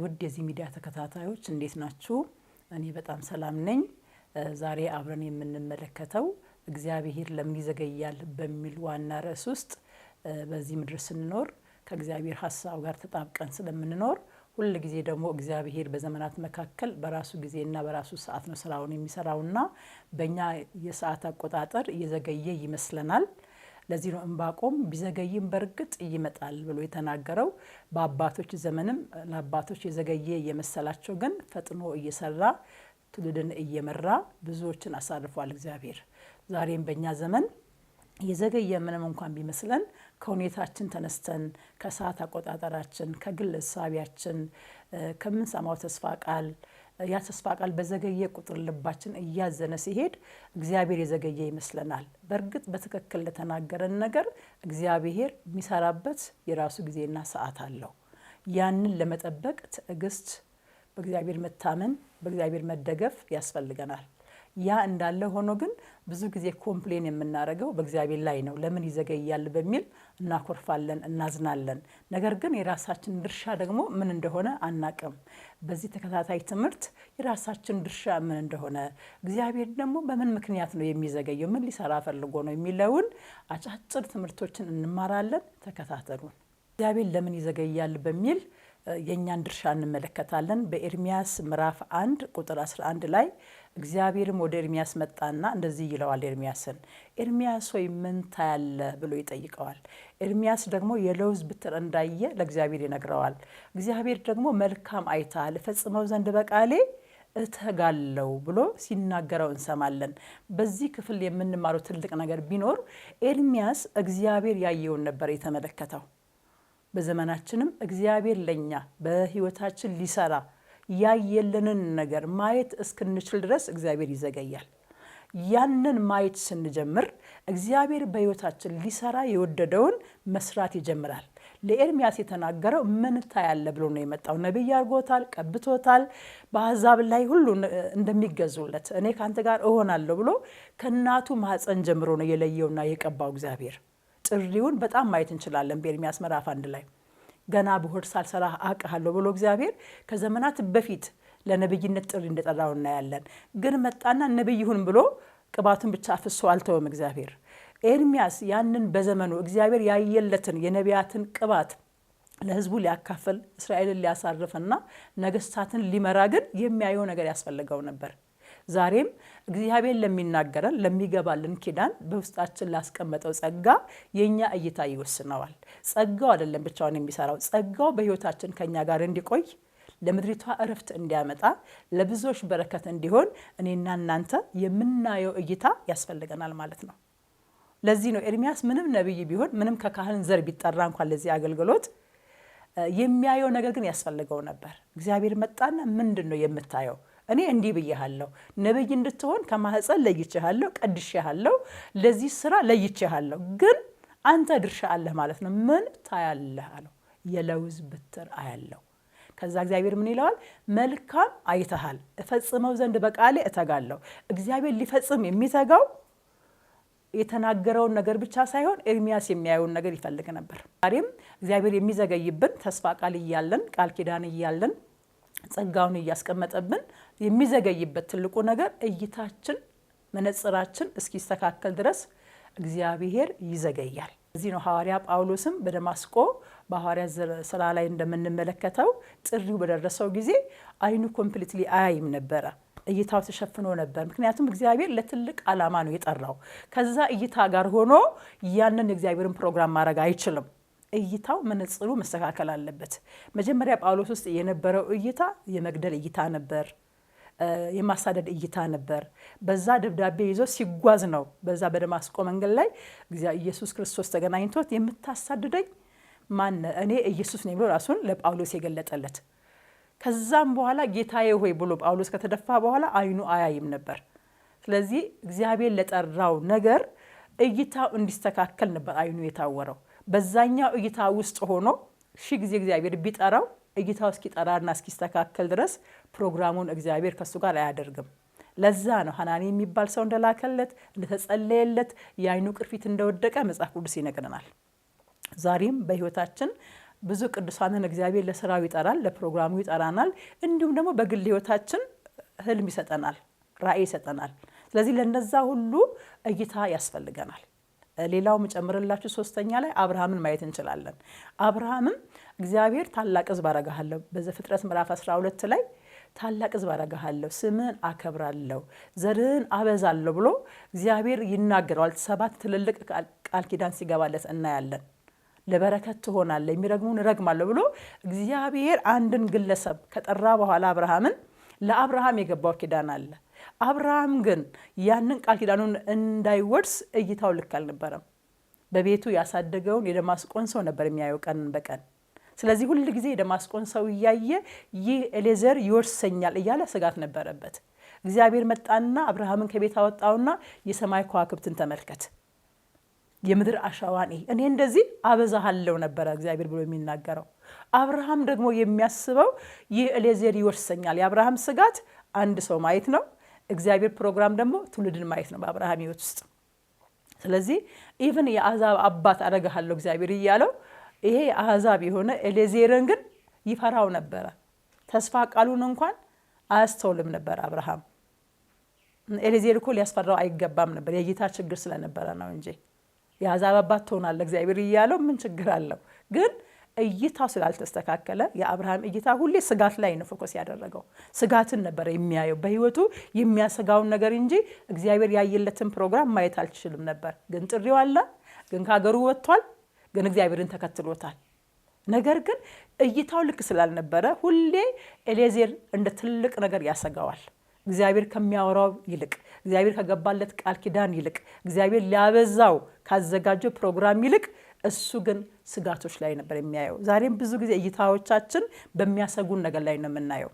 ውድ የዚህ ሚዲያ ተከታታዮች እንዴት ናችሁ? እኔ በጣም ሰላም ነኝ። ዛሬ አብረን የምንመለከተው እግዚአብሔር ለምን ይዘገያል በሚል ዋና ርዕስ ውስጥ በዚህ ምድር ስንኖር ከእግዚአብሔር ሀሳብ ጋር ተጣብቀን ስለምንኖር ሁል ጊዜ ደግሞ እግዚአብሔር በዘመናት መካከል በራሱ ጊዜና በራሱ ሰዓት ነው ስራውን የሚሰራውና በእኛ የሰዓት አቆጣጠር እየዘገየ ይመስለናል። ለዚህ ነው ዕንባቆም ቢዘገይም በእርግጥ ይመጣል ብሎ የተናገረው። በአባቶች ዘመንም ለአባቶች የዘገየ የመሰላቸው ግን ፈጥኖ እየሰራ ትውልድን እየመራ ብዙዎችን አሳርፏል እግዚአብሔር። ዛሬም በእኛ ዘመን የዘገየ ምንም እንኳን ቢመስለን ከሁኔታችን ተነስተን ከሰዓት አቆጣጠራችን፣ ከግል ሳቢያችን፣ ከምንሰማው ተስፋ ቃል ያ ተስፋ ቃል በዘገየ ቁጥር ልባችን እያዘነ ሲሄድ እግዚአብሔር የዘገየ ይመስለናል። በእርግጥ በትክክል ለተናገረን ነገር እግዚአብሔር የሚሰራበት የራሱ ጊዜና ሰዓት አለው። ያንን ለመጠበቅ ትዕግስት፣ በእግዚአብሔር መታመን፣ በእግዚአብሔር መደገፍ ያስፈልገናል። ያ እንዳለ ሆኖ ግን ብዙ ጊዜ ኮምፕሌን የምናደርገው በእግዚአብሔር ላይ ነው። ለምን ይዘገያል በሚል እናኮርፋለን፣ እናዝናለን። ነገር ግን የራሳችን ድርሻ ደግሞ ምን እንደሆነ አናቅም። በዚህ ተከታታይ ትምህርት የራሳችን ድርሻ ምን እንደሆነ፣ እግዚአብሔር ደግሞ በምን ምክንያት ነው የሚዘገየው፣ ምን ሊሰራ ፈልጎ ነው የሚለውን አጫጭር ትምህርቶችን እንማራለን። ተከታተሉን። እግዚአብሔር ለምን ይዘገያል በሚል የእኛን ድርሻ እንመለከታለን። በኤርሚያስ ምዕራፍ አንድ ቁጥር 11 ላይ እግዚአብሔርም ወደ ኤርሚያስ መጣና እንደዚህ ይለዋል ኤርሚያስን ኤርሚያስ ሆይ ምን ታያለህ ብሎ ይጠይቀዋል። ኤርሚያስ ደግሞ የለውዝ ብትር እንዳየ ለእግዚአብሔር ይነግረዋል። እግዚአብሔር ደግሞ መልካም አይተሃል፣ እፈጽመው ዘንድ በቃሌ እተጋለው ብሎ ሲናገረው እንሰማለን። በዚህ ክፍል የምንማረው ትልቅ ነገር ቢኖር ኤርሚያስ እግዚአብሔር ያየውን ነበር የተመለከተው። በዘመናችንም እግዚአብሔር ለኛ በህይወታችን ሊሰራ ያየለንን ነገር ማየት እስክንችል ድረስ እግዚአብሔር ይዘገያል። ያንን ማየት ስንጀምር እግዚአብሔር በህይወታችን ሊሰራ የወደደውን መስራት ይጀምራል። ለኤርሚያስ የተናገረው ምን ታያለ ብሎ ነው የመጣው። ነቢይ አድርጎታል፣ ቀብቶታል። በአሕዛብ ላይ ሁሉ እንደሚገዙለት እኔ ከአንተ ጋር እሆናለሁ ብሎ ከእናቱ ማኅፀን ጀምሮ ነው የለየውና የቀባው እግዚአብሔር። ጥሪውን በጣም ማየት እንችላለን። በኤርሚያስ ምዕራፍ አንድ ላይ ገና ብሁር ሳልሰራ አውቅሃለሁ ብሎ እግዚአብሔር ከዘመናት በፊት ለነብይነት ጥሪ እንደጠራው እናያለን። ግን መጣና ነብይ ሁን ብሎ ቅባቱን ብቻ አፍሶ አልተወም እግዚአብሔር። ኤርሚያስ ያንን በዘመኑ እግዚአብሔር ያየለትን የነቢያትን ቅባት ለህዝቡ ሊያካፍል እስራኤልን ሊያሳርፍና ነገስታትን ሊመራ ግን የሚያየው ነገር ያስፈልገው ነበር። ዛሬም እግዚአብሔር ለሚናገረን ለሚገባልን ኪዳን በውስጣችን ላስቀመጠው ጸጋ የእኛ እይታ ይወስነዋል። ጸጋው አይደለም ብቻውን የሚሰራው። ጸጋው በሕይወታችን ከእኛ ጋር እንዲቆይ ለምድሪቷ እረፍት እንዲያመጣ ለብዙዎች በረከት እንዲሆን እኔና እናንተ የምናየው እይታ ያስፈልገናል ማለት ነው። ለዚህ ነው ኤርሚያስ ምንም ነቢይ ቢሆን ምንም ከካህን ዘር ቢጠራ እንኳን ለዚህ አገልግሎት የሚያየው ነገር ግን ያስፈልገው ነበር። እግዚአብሔር መጣና ምንድን ነው የምታየው? እኔ እንዲህ ብያሃለሁ፣ ነብይ እንድትሆን ከማህፀን ለይቼሃለሁ፣ ቀድሼሃለሁ፣ ለዚህ ስራ ለይቼሃለሁ፣ ግን አንተ ድርሻ አለህ ማለት ነው። ምን ታያለህ አለው። የለውዝ ብትር አያለው። ከዛ እግዚአብሔር ምን ይለዋል? መልካም አይተሃል፣ እፈጽመው ዘንድ በቃሌ እተጋለሁ። እግዚአብሔር ሊፈጽም የሚተጋው የተናገረውን ነገር ብቻ ሳይሆን ኤርሚያስ የሚያየውን ነገር ይፈልግ ነበር። ዛሬም እግዚአብሔር የሚዘገይብን ተስፋ ቃል እያለን ቃል ኪዳን እያለን ጸጋውን እያስቀመጠብን የሚዘገይበት ትልቁ ነገር እይታችን መነጽራችን እስኪስተካከል ድረስ እግዚአብሔር ይዘገያል። እዚህ ነው ሐዋርያ ጳውሎስም በደማስቆ በሐዋርያ ስራ ላይ እንደምንመለከተው ጥሪው በደረሰው ጊዜ አይኑ ኮምፕሊትሊ አያይም ነበረ። እይታው ተሸፍኖ ነበር። ምክንያቱም እግዚአብሔር ለትልቅ ዓላማ ነው የጠራው። ከዛ እይታ ጋር ሆኖ ያንን የእግዚአብሔርን ፕሮግራም ማድረግ አይችልም። እይታው መነጽሩ መስተካከል አለበት። መጀመሪያ ጳውሎስ ውስጥ የነበረው እይታ የመግደል እይታ ነበር፣ የማሳደድ እይታ ነበር። በዛ ደብዳቤ ይዞ ሲጓዝ ነው። በዛ በደማስቆ መንገድ ላይ ኢየሱስ ክርስቶስ ተገናኝቶት የምታሳድደኝ ማን እኔ ኢየሱስ ነኝ ብሎ ራሱን ለጳውሎስ የገለጠለት። ከዛም በኋላ ጌታዬ ሆይ ብሎ ጳውሎስ ከተደፋ በኋላ አይኑ አያይም ነበር። ስለዚህ እግዚአብሔር ለጠራው ነገር እይታው እንዲስተካከል ነበር አይኑ የታወረው። በዛኛው እይታ ውስጥ ሆኖ ሺ ጊዜ እግዚአብሔር ቢጠራው እይታው እስኪጠራና እስኪስተካከል ድረስ ፕሮግራሙን እግዚአብሔር ከእሱ ጋር አያደርግም። ለዛ ነው ሀናኒ የሚባል ሰው እንደላከለት እንደተጸለየለት የአይኑ ቅርፊት እንደወደቀ መጽሐፍ ቅዱስ ይነግረናል። ዛሬም በህይወታችን ብዙ ቅዱሳንን እግዚአብሔር ለስራው ይጠራል፣ ለፕሮግራሙ ይጠራናል። እንዲሁም ደግሞ በግል ህይወታችን ህልም ይሰጠናል፣ ራዕይ ይሰጠናል። ስለዚህ ለነዛ ሁሉ እይታ ያስፈልገናል። ሌላው መጨምርላችሁ ሶስተኛ ላይ አብርሃምን ማየት እንችላለን። አብርሃምም እግዚአብሔር ታላቅ ሕዝብ አረጋሃለሁ በዘፍጥረት ምዕራፍ 12 ላይ ታላቅ ሕዝብ አረጋሃለሁ፣ ስምን አከብራለሁ፣ ዘርህን አበዛለሁ ብሎ እግዚአብሔር ይናገረዋል። ሰባት ትልልቅ ቃል ኪዳን ሲገባለት እናያለን። ለበረከት ትሆናለ የሚረግሙን እረግማለሁ ብሎ እግዚአብሔር አንድን ግለሰብ ከጠራ በኋላ አብርሃምን ለአብርሃም የገባው ኪዳን አለ። አብርሃም ግን ያንን ቃል ኪዳኑን እንዳይወርስ እይታው ልክ አልነበረም። በቤቱ ያሳደገውን የደማስቆን ሰው ነበር የሚያየው ቀን በቀን። ስለዚህ ሁል ጊዜ የደማስቆን ሰው እያየ ይህ ኤሌዘር ይወርሰኛል እያለ ስጋት ነበረበት። እግዚአብሔር መጣና አብርሃምን ከቤት አወጣውና የሰማይ ከዋክብትን ተመልከት፣ የምድር አሻዋኔ እኔ እንደዚህ አበዛሃለው ነበረ እግዚአብሔር ብሎ የሚናገረው። አብርሃም ደግሞ የሚያስበው ይህ ኤሌዘር ይወርሰኛል። የአብርሃም ስጋት አንድ ሰው ማየት ነው እግዚአብሔር ፕሮግራም ደግሞ ትውልድን ማየት ነው በአብርሃም ህይወት ውስጥ። ስለዚህ ኢቨን የአዛብ አባት አደርግሃለሁ እግዚአብሔር እያለው ይሄ አዛብ የሆነ ኤሌዜርን ግን ይፈራው ነበረ። ተስፋ ቃሉን እንኳን አያስተውልም ነበር አብርሃም። ኤሌዜር እኮ ሊያስፈራው አይገባም ነበር፣ የጌታ ችግር ስለነበረ ነው እንጂ የአዛብ አባት ትሆናለህ እግዚአብሔር እያለው ምን ችግር አለው ግን እይታው ስላልተስተካከለ የአብርሃም እይታ ሁሌ ስጋት ላይ ነው ፎከስ ያደረገው። ስጋትን ነበር የሚያየው በህይወቱ የሚያሰጋውን ነገር እንጂ እግዚአብሔር ያየለትን ፕሮግራም ማየት አልችልም ነበር። ግን ጥሪው አለ፣ ግን ከሀገሩ ወጥቷል፣ ግን እግዚአብሔርን ተከትሎታል። ነገር ግን እይታው ልክ ስላልነበረ ሁሌ ኤሌዜር እንደ ትልቅ ነገር ያሰጋዋል። እግዚአብሔር ከሚያወራው ይልቅ እግዚአብሔር ከገባለት ቃል ኪዳን ይልቅ እግዚአብሔር ሊያበዛው ካዘጋጀው ፕሮግራም ይልቅ እሱ ግን ስጋቶች ላይ ነበር የሚያየው። ዛሬም ብዙ ጊዜ እይታዎቻችን በሚያሰጉን ነገር ላይ ነው የምናየው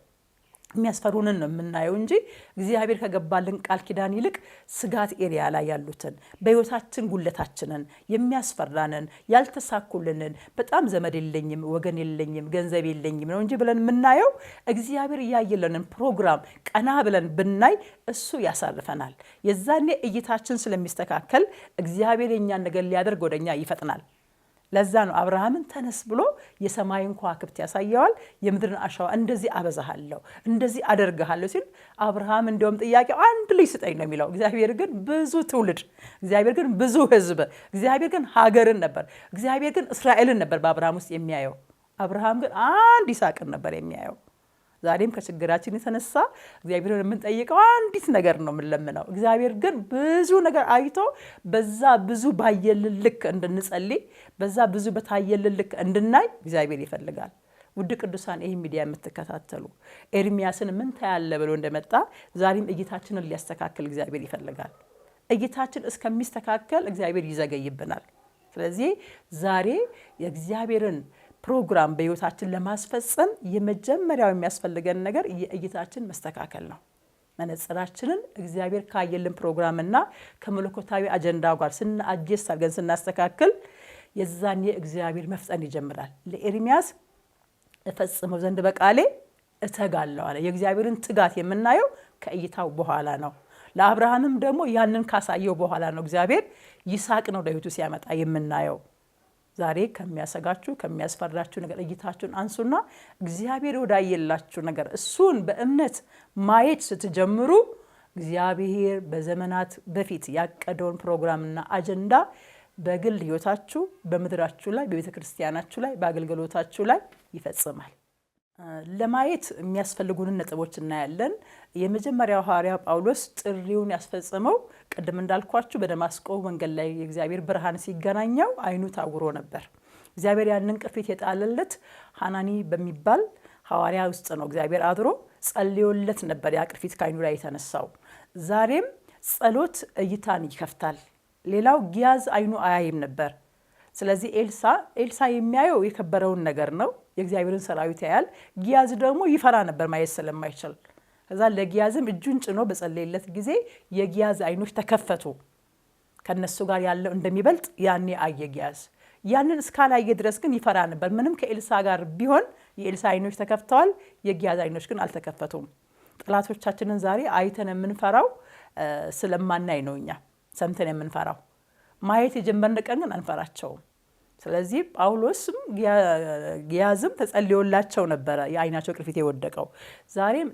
የሚያስፈሩንን ነው የምናየው እንጂ እግዚአብሔር ከገባልን ቃል ኪዳን ይልቅ ስጋት ኤሪያ ላይ ያሉትን በሕይወታችን ጉለታችንን የሚያስፈራንን ያልተሳኩልንን በጣም ዘመድ የለኝም ወገን የለኝም ገንዘብ የለኝም ነው እንጂ ብለን የምናየው እግዚአብሔር እያየለንን ፕሮግራም ቀና ብለን ብናይ እሱ ያሳርፈናል። የዛኔ እይታችን ስለሚስተካከል እግዚአብሔር የእኛን ነገር ሊያደርግ ወደኛ ይፈጥናል። ለዛ ነው አብርሃምን ተነስ ብሎ የሰማይን ከዋክብት ያሳየዋል፣ የምድርን አሸዋ እንደዚህ አበዛሃለሁ፣ እንደዚህ አደርግሃለሁ ሲል አብርሃም እንዲሁም ጥያቄው አንድ ልጅ ስጠኝ ነው የሚለው። እግዚአብሔር ግን ብዙ ትውልድ፣ እግዚአብሔር ግን ብዙ ሕዝብ፣ እግዚአብሔር ግን ሀገርን ነበር፣ እግዚአብሔር ግን እስራኤልን ነበር በአብርሃም ውስጥ የሚያየው። አብርሃም ግን አንድ ይስሐቅን ነበር የሚያየው። ዛሬም ከችግራችን የተነሳ እግዚአብሔርን የምንጠይቀው አንዲት ነገር ነው የምንለምነው። እግዚአብሔር ግን ብዙ ነገር አይቶ በዛ ብዙ ባየልን ልክ እንድንጸልይ፣ በዛ ብዙ በታየልን ልክ እንድናይ እግዚአብሔር ይፈልጋል። ውድ ቅዱሳን ይህ ሚዲያ የምትከታተሉ ኤርሚያስን ምን ታያለ ብሎ እንደመጣ ዛሬም እይታችንን ሊያስተካክል እግዚአብሔር ይፈልጋል። እይታችን እስከሚስተካከል እግዚአብሔር ይዘገይብናል። ስለዚህ ዛሬ የእግዚአብሔርን ፕሮግራም በህይወታችን ለማስፈጸም የመጀመሪያው የሚያስፈልገን ነገር የእይታችን መስተካከል ነው። መነጽራችንን እግዚአብሔር ካየልን ፕሮግራምና ከመለኮታዊ አጀንዳ ጋር ስናአጀስ አድርገን ስናስተካክል የዛን የእግዚአብሔር መፍጠን ይጀምራል። ለኤርሚያስ እፈጽመው ዘንድ በቃሌ እተጋለሁ አለ። የእግዚአብሔርን ትጋት የምናየው ከእይታው በኋላ ነው። ለአብርሃምም ደግሞ ያንን ካሳየው በኋላ ነው። እግዚአብሔር ይስሐቅ ነው ለቤቱ ሲያመጣ የምናየው ዛሬ ከሚያሰጋችሁ ከሚያስፈራችሁ ነገር እይታችሁን አንሱና እግዚአብሔር ወዳየላችሁ ነገር እሱን በእምነት ማየት ስትጀምሩ እግዚአብሔር በዘመናት በፊት ያቀደውን ፕሮግራምና አጀንዳ በግል ህይወታችሁ በምድራችሁ ላይ፣ በቤተ ክርስቲያናችሁ ላይ፣ በአገልግሎታችሁ ላይ ይፈጽማል። ለማየት የሚያስፈልጉንን ነጥቦች እናያለን። የመጀመሪያው ሐዋርያ ጳውሎስ ጥሪውን ያስፈጽመው ቅድም እንዳልኳችሁ በደማስቆ መንገድ ላይ የእግዚአብሔር ብርሃን ሲገናኘው አይኑ ታውሮ ነበር። እግዚአብሔር ያንን ቅርፊት የጣለለት ሐናኒ በሚባል ሐዋርያ ውስጥ ነው። እግዚአብሔር አድሮ ጸልዮለት ነበር። ያ ቅርፊት ከአይኑ ላይ የተነሳው። ዛሬም ጸሎት እይታን ይከፍታል። ሌላው ጊያዝ አይኑ አያይም ነበር። ስለዚህ ኤልሳ ኤልሳ የሚያየው የከበረውን ነገር ነው። የእግዚአብሔርን ሰራዊት ያያል። ጊያዝ ደግሞ ይፈራ ነበር ማየት ስለማይችል። ከዛ ለጊያዝም እጁን ጭኖ በጸለየለት ጊዜ የጊያዝ አይኖች ተከፈቱ። ከነሱ ጋር ያለው እንደሚበልጥ ያኔ አየ ጊያዝ። ያንን እስካላየ ድረስ ግን ይፈራ ነበር። ምንም ከኤልሳ ጋር ቢሆን የኤልሳ አይኖች ተከፍተዋል፣ የጊያዝ አይኖች ግን አልተከፈቱም። ጠላቶቻችንን ዛሬ አይተን የምንፈራው ስለማናይ ነው። እኛ ሰምተን የምንፈራው ማየት የጀመርን ቀን ግን አንፈራቸውም። ስለዚህ ጳውሎስም ግያዝም ተጸልዮላቸው ነበረ የአይናቸው ቅርፊት የወደቀው። ዛሬም